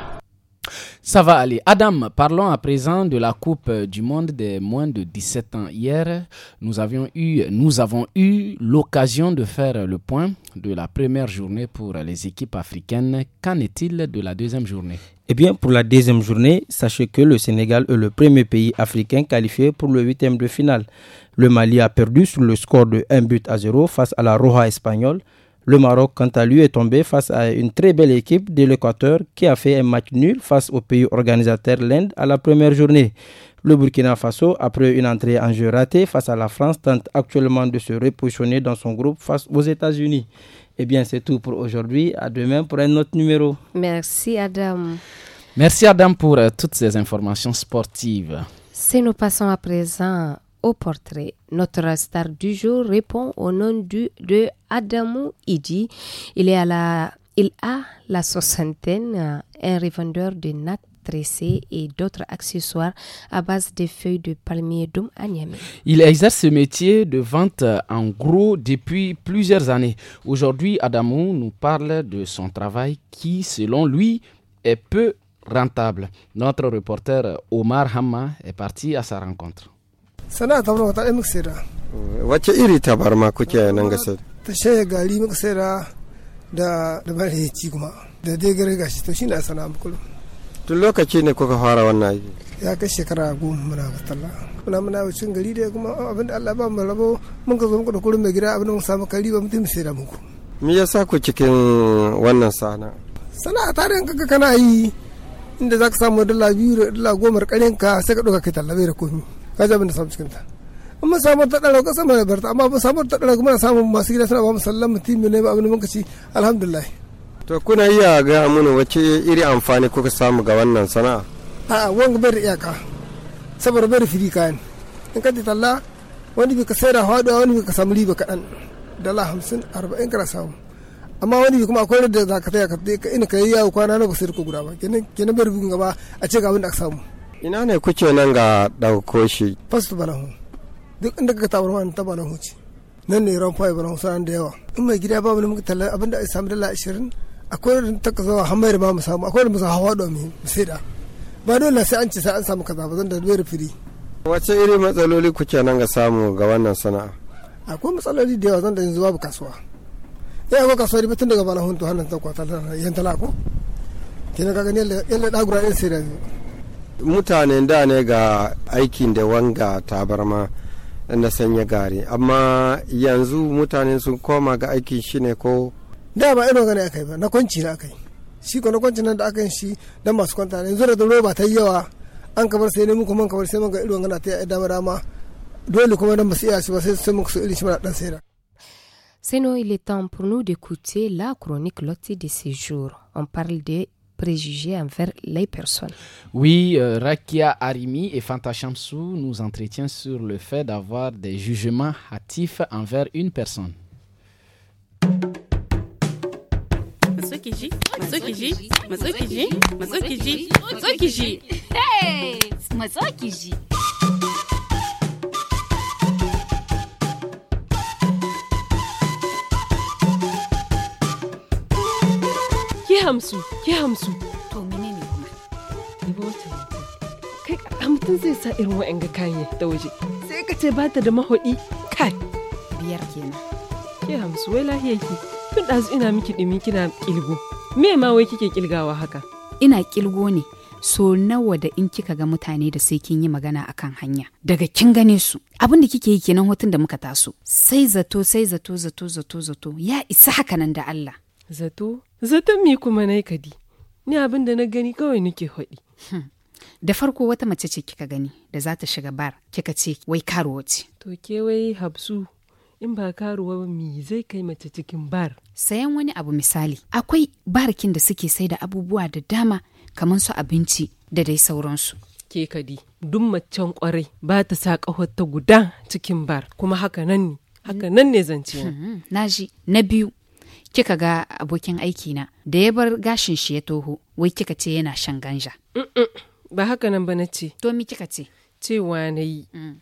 Speaker 1: Ça va aller. Adam, parlons à présent de la Coupe du Monde des moins de 17 ans. Hier, nous, eu, nous avons eu l'occasion de faire le point de la première journée pour les équipes africaines. Qu'en est-il de la deuxième journée
Speaker 12: Eh bien, pour la deuxième journée, sachez que le Sénégal est le premier pays africain qualifié pour le huitième de finale. Le Mali a perdu sur le score de 1 but à 0 face à la Roja espagnole. Le Maroc, quant à lui, est tombé face à une très belle équipe de l'Équateur qui a fait un match nul face au pays organisateur l'Inde à la première journée. Le Burkina Faso, après une entrée en jeu ratée face à la France, tente actuellement de se repositionner dans son groupe face aux États-Unis. Eh bien, c'est tout pour aujourd'hui. À demain pour un autre numéro.
Speaker 2: Merci, Adam.
Speaker 1: Merci, Adam, pour euh, toutes ces informations sportives.
Speaker 2: Si nous passons à présent au portrait. Notre star du jour répond au nom de Adamou Idi. Il, est à la, il a la soixantaine, un revendeur de nattes tressées et d'autres accessoires à base de feuilles de palmier d'homme
Speaker 1: Il exerce ce métier de vente en gros depuis plusieurs années. Aujourd'hui, Adamou nous parle de son travail qui, selon lui, est peu rentable. Notre reporter Omar Hamma est
Speaker 16: parti à sa rencontre.
Speaker 17: sana'a ta ta ɗaya muka saida
Speaker 16: wacce iri tabarma kuke nan gasa
Speaker 17: ta shaye gari muka saida da da ci kuma da dai gare gashi to shine sana'a mu kullum
Speaker 16: tun lokaci ne kuka fara wannan aiki
Speaker 17: ya kai shekara goma muna fatalla muna muna wucin gari da kuma abin da Allah ba mu rabo mun ka zo muku da kurin mai gida abin da mun samu kari ba mutum sai da muku
Speaker 16: me yasa ku cikin wannan sana
Speaker 17: sana'a ta da kaga kana yi inda zaka samu dala biyu da dala goma karenka sai ka doka kai tallabe da komai kaji abin da samu cikin ta in ta ɗara ƙasa mana barta amma mun samu ta ɗara kuma na samun masu gida suna ba mu sallan mutum ne ba abin da muka ci alhamdulillah
Speaker 16: to kuna iya gaya mana wace iri amfani kuka samu ga wannan sana'a
Speaker 17: a'a wanga bai da iyaka saboda bai da firi kayan in ka talla wani bi ka sai da hawa wani bi ka samu riba kaɗan dala hamsin arba'in kana samu amma wani bi kuma akwai da za ka taya ka ina ka yi yawo kwana na ba sai da ko guda ba kenan kenan bai rubutun gaba a ce ga abin da aka samu
Speaker 16: ina ne kuke nan ga dauko shi
Speaker 17: fasto balahu duk inda ka tabarma ta balahu ce nan ne ran fayi balahu sanan da yawa in mai gida ba mu muka talla abinda a samu dala ashirin akwai da ta zawa hamar ba mu samu akwai da mu hawa domin mu sai da ba dole sai an ci sai an samu kaza ba zan da bai firi
Speaker 16: wace iri matsaloli kuke nan ga samu ga wannan sana'a
Speaker 17: akwai matsaloli da yawa zan da yanzu babu kasuwa ya akwai kasuwa riba tun daga banahu to hannun ta kwata yan talako kina ka gani yalla dagura yan sai da
Speaker 16: mutanen da ne ga aikin da wanga tabarma na sanya gari amma yanzu mutane sun koma ga aikin shi ne ko
Speaker 17: da ba irin gani aka yi ba na kwanci na aka yi shi ko na kwanci nan da aka yi shi don masu kwanta ne yanzu da roba ta yi yawa an kamar sai ne muku man kamar sai mun ga irin ta yi dama dama dole kuma dan masu iya shi ba sai sai muku su irin shi mana dan sai
Speaker 2: Sinon, il est temps pour nous d'écouter la chronique Loti de ce jour. On parle de préjugés envers les personnes.
Speaker 1: Oui, euh, Rakia Arimi et Fanta Shamsou nous entretiennent sur le fait d'avoir des jugements hâtifs envers une personne.
Speaker 5: Ki hamsu, ki hamsu. To menene kuma? ba Kai ka mutum zai sa irin wa'yan ga kayan ta waje. Sai ka ce bata da mahaɗi kai. Biyar kenan. Ki hamsu wai lahiya ki. Tun ɗazu ina miki ɗumi kina ƙilgo. Me ma wai kike
Speaker 2: ƙilgawa haka? Ina ƙilgo ne. so nawa da in kika ga mutane da sai kin yi magana akan hanya daga kin gane su abin da kike yi kenan hotun da muka taso sai zato sai zato zato zato zato ya isa hakanan da Allah zato zaton mi kuma na kadi ni abin da na gani kawai nake haɗi hmm. da farko wata mace ce kika gani da za ta shiga bar kika ce wai karuwa ce
Speaker 5: to ke wai habsu in ba karuwa mi zai kai mace cikin bar sayan wani abu misali
Speaker 2: akwai barakin da suke sai da
Speaker 5: abubuwa da dama kamar su abinci da dai sauransu ke kadi duk macen kwarai ba ta sa ta guda cikin bar kuma haka nan ne haka hmm. nan ne zance na hmm. na biyu kika ga abokin aikina da ya bar gashin shi ya toho wai kika ce yana shan ganja. Ba haka nan ba na ce. To mi kika ce? Cewa na yi. Mm.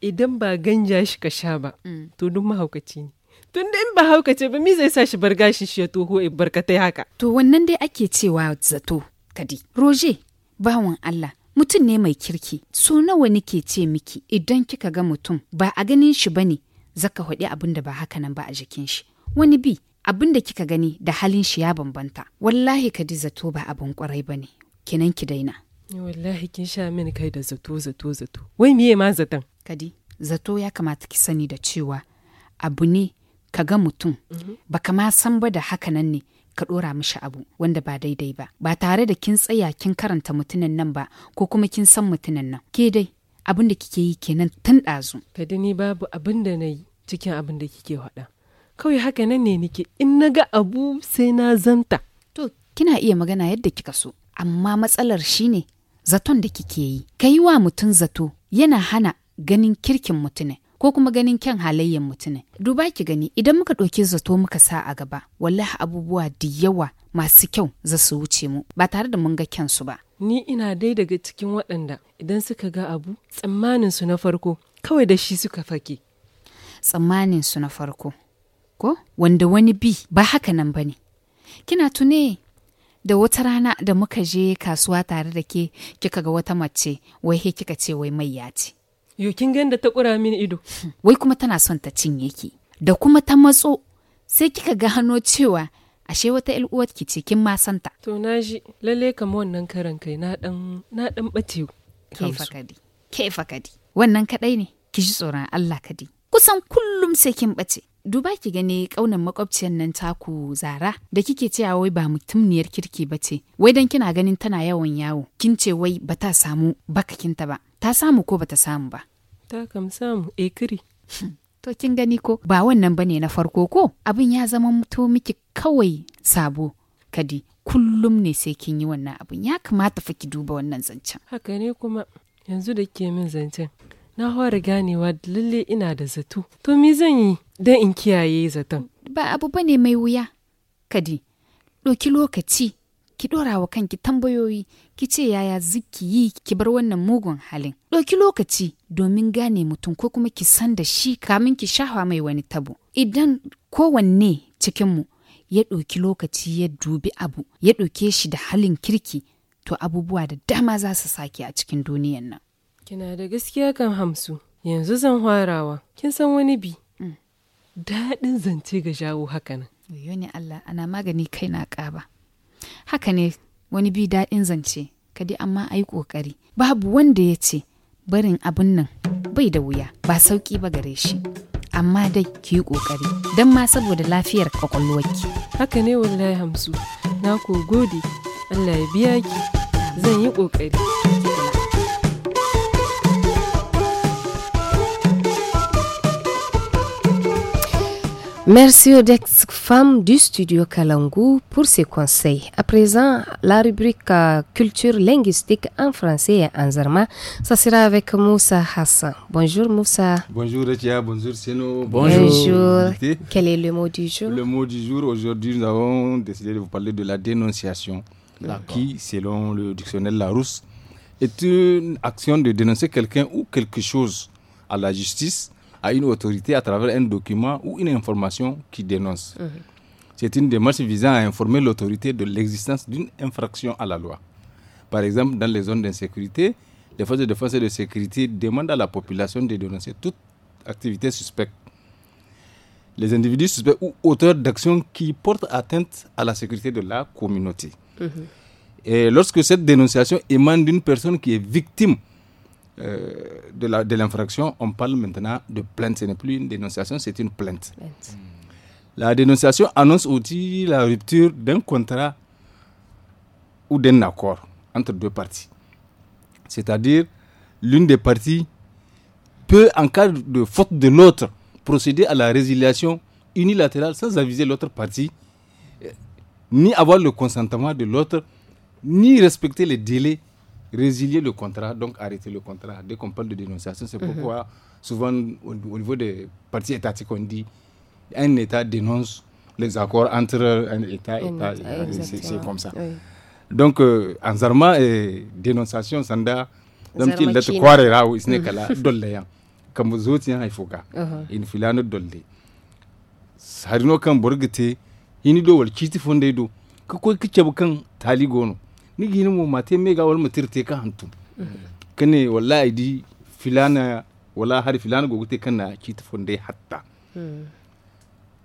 Speaker 5: Idan ba ganja shi ka sha ba, mm. to duk mahaukaci ne. Tun da in ba haukace ba mi zai sa shi bar gashin shi ya toho in barkatai haka. To wannan dai ake
Speaker 2: cewa zato kadi. Roje, bawan Allah, mutum ne mai kirki. So nawa ke ce miki idan kika ga mutum ba a ganin shi ba ne zaka haɗi abin da ba haka nan ba a jikin shi. Wani bi abin da kika gani da halin shi ya bambanta wallahi ka zato ba abin kwarai ba ne kinan ki daina
Speaker 5: wallahi kin
Speaker 2: sha mini kai da zato zato zato wai miye ma zaton kadi zato ya kamata ki sani da cewa abu ne ka ga mutum mhm. ba ka ma san ba da haka nan ne ka ɗora mishi abu wanda ba daidai ba ba tare da kin tsaya kin karanta mutunan nan ba ko kuma kin san mutunan nan ke dai
Speaker 5: abin da kike yi kenan tun ɗazu. Kadi ni babu abin da na yi cikin abin da kike faɗa. kawai haka nan ne nike. in na ga abu sai na zanta to kina
Speaker 2: iya magana yadda kika so amma matsalar shi ne zaton da kike yi ka yi wa mutum zato yana hana ganin kirkin mutune. ko kuma ganin kyan halayyar mutune. duba ki gani idan muka ɗauki zato muka sa a gaba wallahi abubuwa da yawa masu kyau za su wuce mu ba tare da
Speaker 5: mun ga kyansu ba ni ina dai daga cikin waɗanda idan suka ga abu tsammanin na farko kawai da shi suka fake tsammanin su na farko
Speaker 2: ko wanda wani bi ba haka nan ba ne kina tune da wata rana da muka je kasuwa tare da ke kika ga wata mace wai he kika ce wai ya ce yo kin ganda ta kura mini ido wai kuma tana son ta cinye ki da kuma
Speaker 5: ta matso sai kika ga hano cewa ashe wata ƴar ki ce kin ma to na ji lalle kama wannan karan kai na dan na bace ke fakadi ke fakadi
Speaker 2: wannan kaɗai ne ki ji tsoron Allah kadi
Speaker 5: kusan kullum sai kin bace
Speaker 2: duba ki gani kaunan makwabciyar nan taku zara da kike cewa wai ba mutumniyar kirki ba ce wai dan kina ganin tana yawan yawo kin ce wai ba ta samu bakakinta ba ta samu ko ba ta samu ba
Speaker 5: ta kam samu eh, kiri to kin gani
Speaker 2: ko ba wannan bane na farko ko abin ya zama to miki kawai sabo kadi kullum ne sai kin yi wannan abin ya kamata fa ki duba wannan zancen
Speaker 5: haka ne kuma yanzu da ke min zancen na fara ganewa lalle ina da zato to me zan yi don in kiyaye zaton
Speaker 2: ba abu ba ne mai wuya
Speaker 5: kadi ɗauki lokaci
Speaker 2: ki ɗora wa kanki tambayoyi ki ce yaya ziki yi ki bar wannan mugun halin ɗauki lokaci domin gane mutum ko kuma ki san da shi kamin ki shafa mai wani tabo idan kowanne cikinmu ya ɗauki lokaci ya dubi abu ya ɗauke shi da halin kirki to abubuwa da dama za su sake a cikin duniyan nan
Speaker 5: Kina da gaskiya kan Hamsu, yanzu zan hwarawa, kin san wani bi. Mm. Daɗin zance ga jawo haka nan. ne Allah, ana magani kai na ƙaba.
Speaker 2: Haka ne wani bi daɗin zance, kadi amma a yi ƙoƙari. Babu wanda ya ce, barin abin nan bai da wuya, ba sauƙi ba gare shi. amma dai ki yi ƙoƙari
Speaker 5: don ma saboda lafiyar kwakwalwarki. Haka ne wallahi Hamsu, na ko gode, Allah ya biya ki, zan yi ƙoƙari.
Speaker 2: Merci aux ex-femmes du studio Kalangu pour ces conseils. À présent, la rubrique euh, culture linguistique en français et en zarma, ça sera avec Moussa Hassan. Bonjour Moussa.
Speaker 18: Bonjour Etia, bonjour Seno. Bonjour. bonjour.
Speaker 2: Quel est le mot du jour Le
Speaker 18: mot du jour, aujourd'hui, nous avons décidé de vous parler de la dénonciation, qui, selon le dictionnaire Larousse, est une action de dénoncer quelqu'un ou quelque chose à la justice à une autorité à travers un document ou une information qui dénonce. Mhm. C'est une démarche visant à informer l'autorité de l'existence d'une infraction à la loi. Par exemple, dans les zones d'insécurité, les forces de défense et de sécurité demandent à la population de dénoncer toute activité suspecte. Les individus suspects ou auteurs d'actions qui portent atteinte à la sécurité de la communauté. Mhm. Et lorsque cette dénonciation émane d'une personne qui est victime euh, de l'infraction, on parle maintenant de plainte. Ce n'est plus une dénonciation, c'est une plainte. plainte. La dénonciation annonce aussi la rupture d'un contrat ou d'un accord entre deux parties. C'est-à-dire, l'une des parties peut, en cas de faute de l'autre, procéder à la résiliation unilatérale sans aviser l'autre partie, euh, ni avoir le consentement de l'autre, ni respecter les délais résilier le contrat, donc arrêter le contrat. Dès qu'on parle de dénonciation, c'est mhm. pourquoi souvent au, niveau des partis étatiques, on dit un État dénonce les accords entre un État et un État. C'est comme ça. Donc, euh, en Zarma, et dénonciation, Sanda, donc il est quoi là où il n'est mhm. la hein. Comme vous autres, il faut uh-huh. qu'à. Il faut l'année dolé. Sarino kan borgete, wal kiti fonde do, ko ko kice bukan ni gini mu mate ga wal mutirte ka hantu kene wallahi di filana wala har filana go gute kana ci ta fonde hatta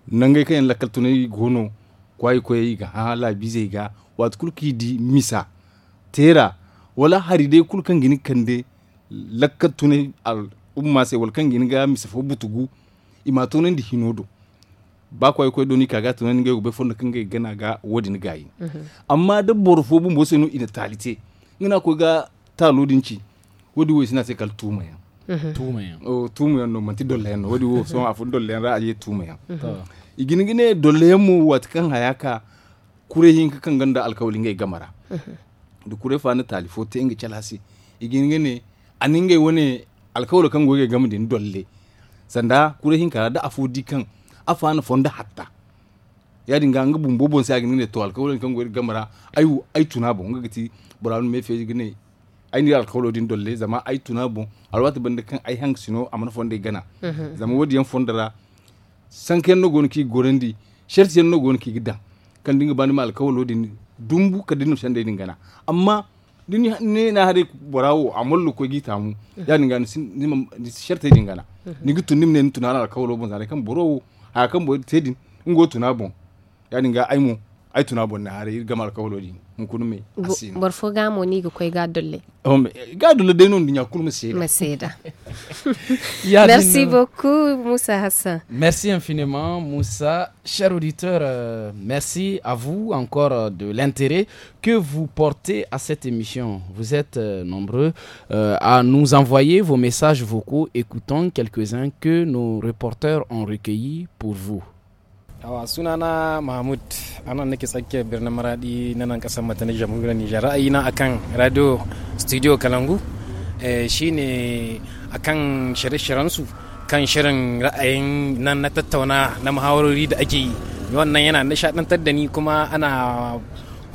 Speaker 18: nangai kan lakal tunai gono kwai kwai ga hala bize ga wat kulki di misa tera wala hari dai kulkan gini kande lakal tunai al umma sai wal kan gini ga misa fo butugu imatonin di hinodo ba kwa ko doni kaga to nan go be fon kan ga gana ga wodin gayi mhm. amma da borfo bu mose no ina ngina ko ga ta ci wodi wo sina se kal tumaya
Speaker 1: mhm. tumaya
Speaker 18: o tumaya no manti dolle no wodi wo so afu dolle ra aje i ya mhm. igini gine dolle mu wat kan hayaka kure hin kan ganda alkawli ga gamara du kure fa na talifo te inga chalasi igini gine aninga wone alkawlo kan goge gamdin dolle sanda kure hin ka da afu dikan kan afana fonda hatta yadi nga nga bumbo bon sa gine to alkawol kan gori gamara ayu ay bon nga gati boranu me feji gine ay ni kholo din dolle zama ay tunabo alwata bande kan ay hang sino amana fonde gana mhm. zama wodi yan fondara sanken no gonki gorandi sharti yan no ki gida kan dinga bani mal alkawol din dumbu kadinu sande din gana amma din ne na hare borawo amollu ko gita mu mhm. ngani sin ni din gana mhm. ni gitu nimne ni tunana ka bon zare kan borowo a kan bo tedin ngo tuna bon yani ga aimu merci
Speaker 2: beaucoup Moussa Hassan
Speaker 1: merci infiniment Moussa cher auditeur euh, merci à vous encore euh, de l'intérêt que vous portez à cette émission vous êtes euh, nombreux à nous envoyer vos messages vocaux écoutons quelques-uns que nos reporters ont recueillis pour vous Awa sunana Mahmud anan nake tsakiyar birnin Maradi na nan kasar mata na jamhuriyar Nijar ra'ayina akan radio studio Kalangu eh, shine akan shirye-shiryen su kan shirin ra'ayin nan na tattauna na muhawarori da ake yi wannan yana nishadantar da ni kuma ana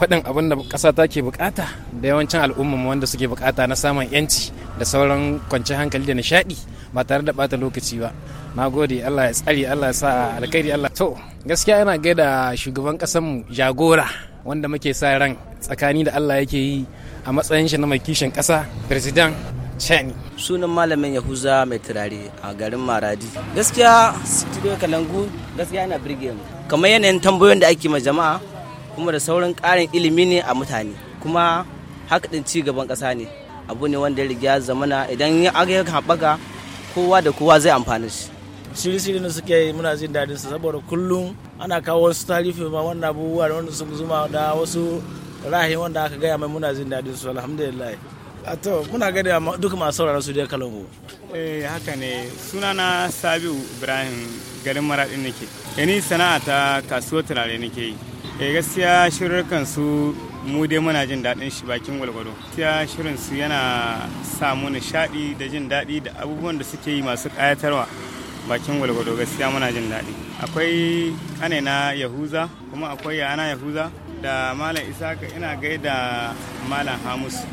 Speaker 1: faɗin abin da ƙasa take buƙata da yawancin al'umma wanda suke buƙata na samun yanci da sauran kwanci hankali da nishaɗi ba tare da bata lokaci ba na gode allah ya tsari allah ya sa alkhairi allah to gaskiya yana gaida shugaban mu jagora wanda muke sa ran tsakani da allah yake yi a matsayin shi na mai kishin ƙasa president Chani. Sunan
Speaker 12: malamin Yahuza mai turare a garin Maradi. Gaskiya Studio Kalangu gaskiya yana birge mu. Kamar yanayin tambayoyin da ake ma jama'a kuma da sauran ƙarin ilimi ne a mutane kuma haka ci gaban ƙasa ne abu ne wanda ya riga zamana idan ya haɓaka kowa da kowa zai amfani shi shiri-shiri
Speaker 8: da suke muna jin daɗin su saboda kullum ana kawo wasu tarifi ma wannan abubuwa da wanda sun zuma da wasu rahin wanda aka gaya mai muna jin daɗin su alhamdulillah a to muna gani duka masu sauraron su dai kalangu eh haka ne sunana sabiu ibrahim garin maraɗin nake yani eh, sana'a ta kasuwar turare nake yi e gaskiya shirin su mu dai muna jin daɗin shi bakin walwalo gaskiya shirin su yana samu nishaɗi da jin daɗi da abubuwan da suke yi masu ƙayatarwa bakin walwalo gaskiya muna jin daɗi akwai ƙane na yahuza kuma akwai yana yahuza da malam isaka ina gaida malam hamus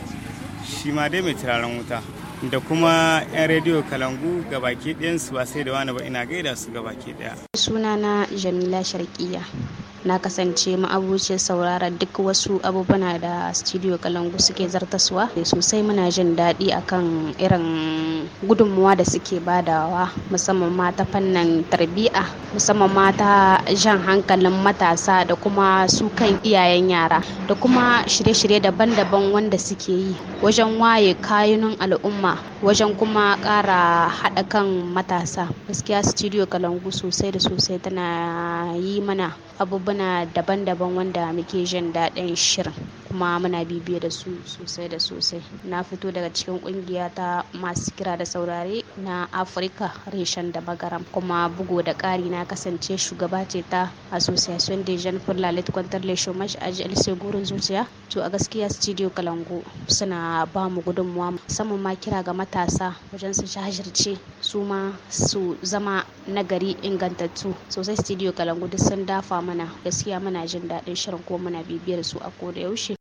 Speaker 8: shi ma dai mai turaren wuta da kuma 'yan rediyo kalangu ga baki su ba sai da wani ba ina gaida su ga baki ɗaya
Speaker 14: sunana jamila sharkiya na kasance ma'abucin sauraron duk wasu abubuwan da studio kalangu suke zartaswa sosai muna jin daɗi akan irin gudunmuwa da suke badawa musamman ma ta fannin tarbiyya musamman ma ta jan hankalin matasa da kuma su kan iyayen yara da kuma shirye-shirye daban-daban wanda suke yi wajen waye kayan al'umma wajen kuma ƙara haɗa kan matasa gaskiya studio kalangu sosai da sosai tana yi mana abubuwa daban-daban wanda muke jin daɗin shirin. kuma muna bibiya da su sosai da sosai na fito daga cikin kungiya ta masu kira da saurare na afirka reshen da magaram kuma bugu da kari na kasance shugaba ce ta association de jeunes pour la lutte contre les chômage a jl gurin zuciya to a gaskiya studio kalangu suna ba mu gudunmuwa musamman ma kira ga matasa wajen su shahirce su ma su zama nagari ingantattu sosai studio kalangu duk sun dafa mana gaskiya muna jin daɗin shirin ko muna bibiyar su a koda yaushe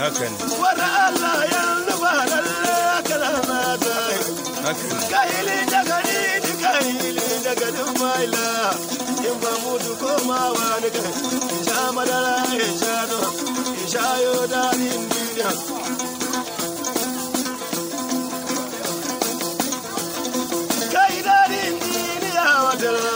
Speaker 19: haka ne wani Allah yanzu ba lalle haka na mata kahili da gani da kahili da ganin maila in ba mutu komawa da gani in madara ya sha no in sha yo daɗin duniya